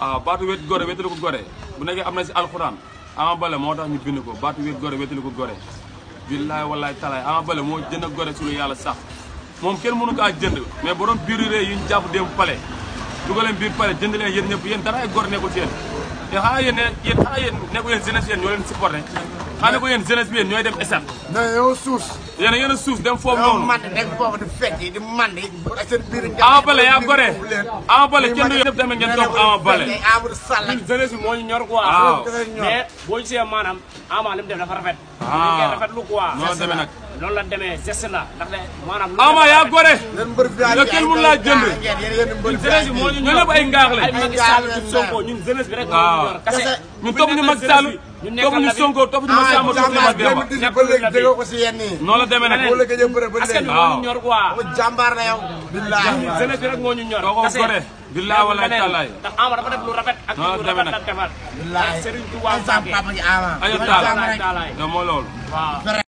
a ah, baatu wet gore wetali ko gore bu nekkee am na si alxuraan Ama Baldé moo tax ñu bind ko baatu wet gore wetali ko gore billaay wallaay talaay Ama Baldé moo jënd a gore sulu yàlla sax moom kenn mënu kaa jënd mais borom biir yu yi ñu jàpp démb pale dugal leen biir pale jënd leen yéen ñëpp yéen dara ay gor nekkul ci yéen yéen xanaa yéen yéen xanaa yéen nekkul yéen jeunesse yéen ñoo leen supporté xanaa nekkul yéen jeunesse bi yéen ñooy dem esat na yow suuf yéen a ngeen suuf dem foofu noonu man nekk foofu di fecc di man di seen biir Ama Baldé yaa gore Ama Baldé kenn du yëpp tamit ngeen toog Ama Baldé Amadou Sall ñun jeunesse bi moo ñu ñor quoi mais boo gisee maanaam Ama li mu def dafa rafet ngeen ah. rafet lu quoi noonu demee nag loolu la demee geste la ndax de maanaam Ama yaa gore la kenn mun laa jënd ñun jeunesse bi moo ñu ñor ay ngaax la ay Macky Sall du Sonko ñun jeunesse bi rek moo ñu ñor kase ñun topp ñu Macky Sall topp ñu Sonko topp ñu Macky Sall ah, topp ñu Demba tegoo ko si yenn yi. noonu la demee nag wala gëj a bëre ba léegi waaw ñor quoi jàmbaar na yow. billahi jeunesse bi rek moo ñu ñor. doo ko gore billahi wala talaay. ndax Ama dafa def lu rafet ak lu rafet la defal. billahi Serigne Touba Mbacké. Ayo Taala da moo loolu. waaw.